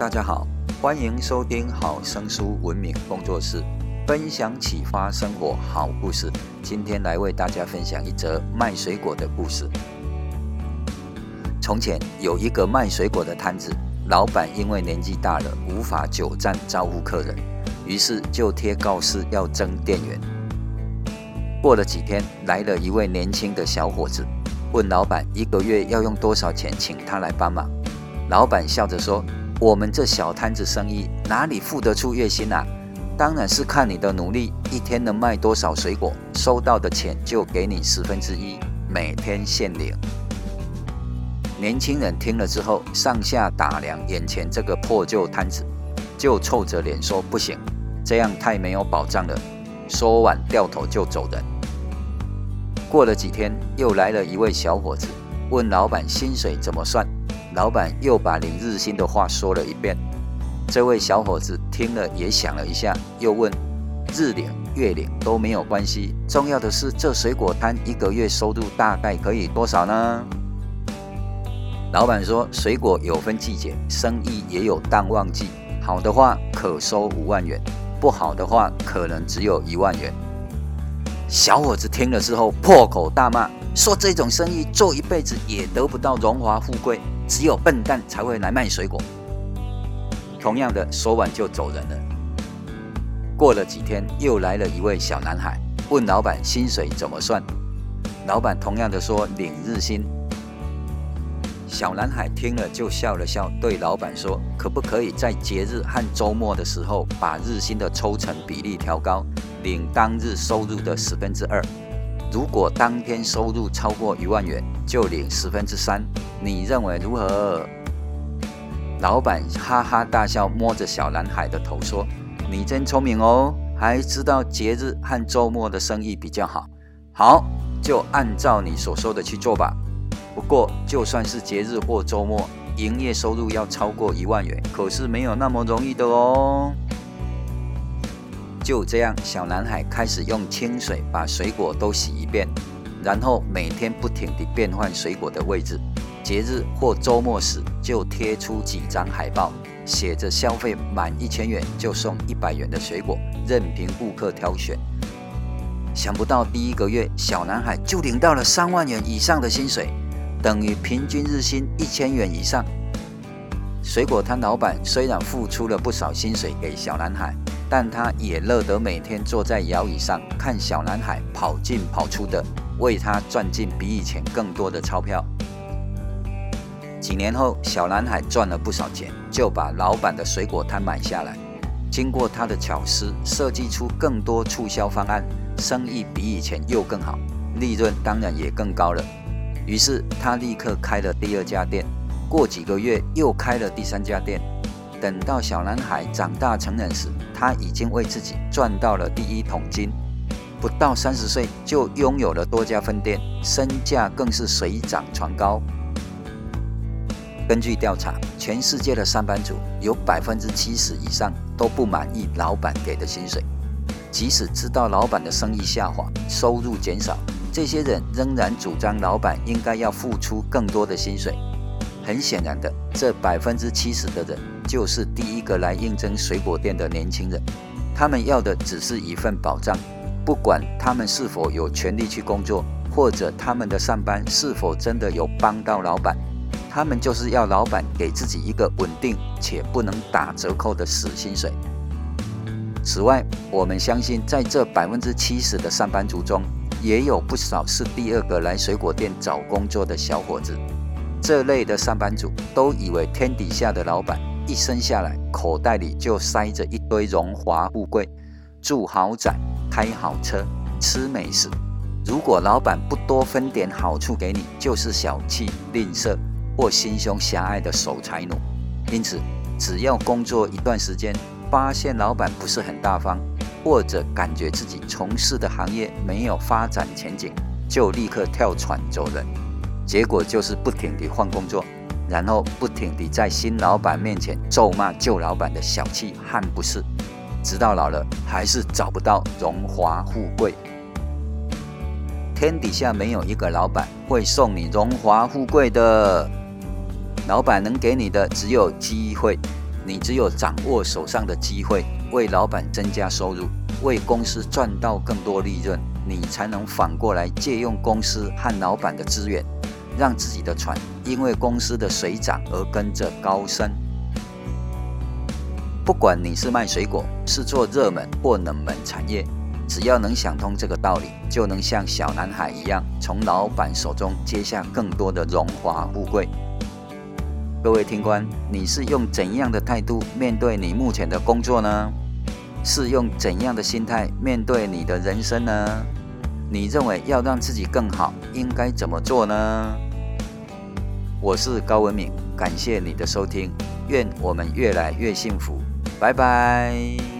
大家好，歡迎收聽好聲書文明工作室，分享啟發生活好故事。今天來為大家分享一則賣水果的故事。從前有一個賣水果的攤子，老板因為年紀大了，無法久站招呼客人，於是就貼告示要徵店員。過了幾天，來了一位年輕的小伙子，問老板一個月要用多少錢請他來幫忙。老板笑着說：我們這小攤子生意哪裡付得出月薪啊？當然是看你的努力，一天能賣多少水果，收到的錢就給你十分之一，每天現領。年輕人聽了之後，上下打量眼前這個破舊攤子，就臭着臉說：“不行，這樣太沒有保障了。”說完掉頭就走人。過了幾天，又來了一位小伙子，問老闆薪水怎麼算。老闆又把林日新的話說了一遍，這位小伙子聽了也想了一下，又問：“日領月領都沒有關係，重要的是這水果攤一個月收入大概可以多少呢？”老闆說：“水果有分季節，生意也有淡旺季，好的話可收五萬元，不好的話可能只有一萬元。”小伙子聽了之後破口大罵，說：“這種生意做一輩子也得不到榮華富貴。”只有笨蛋才會來賣水果。同樣的，說完就走人了。過了幾天，又來了一位小男孩，問老板薪水怎麼算。老板同樣的說領日薪。小男孩聽了就笑了笑，對老板說：“可不可以在節日和周末的時候把日薪的抽成比例調高，領當日收入的十分之二？”如果當天收入超過一萬元，就領十分之三。你認為如何？老闆哈哈大笑，摸着小男孩的頭說：“你真聰明哦，還知道節日和週末的生意比較好。好，就按照你所說的去做吧。不過，就算是節日或週末，營業收入要超過一萬元，可是沒有那麼容易的哦。”就這樣，小男孩開始用清水把水果都洗一遍，然後每天不停地變換水果的位置。節日或週末時，就貼出幾張海報，寫着“消費滿一千元就送一百元的水果，任憑顧客挑選”。想不到第一個月，小男孩就領到了三萬元以上的薪水，等於平均日薪一千元以上。水果攤老闆雖然付出了不少薪水給小男孩。但他也樂得每天坐在搖椅上看小男孩跑進跑出的，為他賺進比以前更多的鈔票。幾年後，小男孩賺了不少錢，就把老板的水果攤買下來。經過他的巧思，設計出更多促銷方案，生意比以前又更好，利潤當然也更高了。於是他立刻開了第二家店，過幾個月又開了第三家店。等到小男孩長大成人時，他已經為自己賺到了第一桶金，不到三十歲就擁有了多家分店，身價更是水漲船高。根據調查，全世界的上班族有百分之七十以上都不滿意老板給的薪水，即使知道老板的生意下滑，收入減少，這些人仍然主張老板應該要付出更多的薪水。很顯然的，這百分之七十的人。就是第一個來應徵水果店的年輕人，他們要的只是一份保障，不管他們是否有權利去工作，或者他們的上班是否真的有幫到老板，他們就是要老板給自己一個穩定且不能打折扣的死薪水。此外，我們相信在這百分之七十的上班族中，也有不少是第二個來水果店找工作的小伙子。這類的上班族都以為天底下的老板，一生下來，口袋裡就塞着一堆榮華富貴，住豪宅，開好車，吃美食。如果老闆不多分點好處給你，就是小氣、吝嗇或心胸狹隘的守財奴。因此，只要工作一段時間，發現老闆不是很大方，或者感覺自己從事的行業沒有發展前景，就立刻跳船走人。結果就是不停地換工作。然後不停地在新老板面前咒罵舊老板的小氣和不是，直到老了還是找不到榮華富貴。天底下沒有一個老板會送你榮華富貴的，老板能給你的只有機會。你只有掌握手上的機會，為老板增加收入，為公司賺到更多利潤，你才能反過來借用公司和老板的資源，讓自己的船。因為公司的水漲而跟着高升。不管你是賣水果，是做熱門或冷門產業，只要能想通這個道理，就能像小男孩一樣，從老板手中接下更多的榮華富貴。各位聽官，你是用怎樣的態度面對你目前的工作呢？是用怎樣的心態面對你的人生呢？你認為要讓自己更好，應該怎麼做呢？我是高文敏，感謝你的收聽，願我們越來越幸福，拜拜。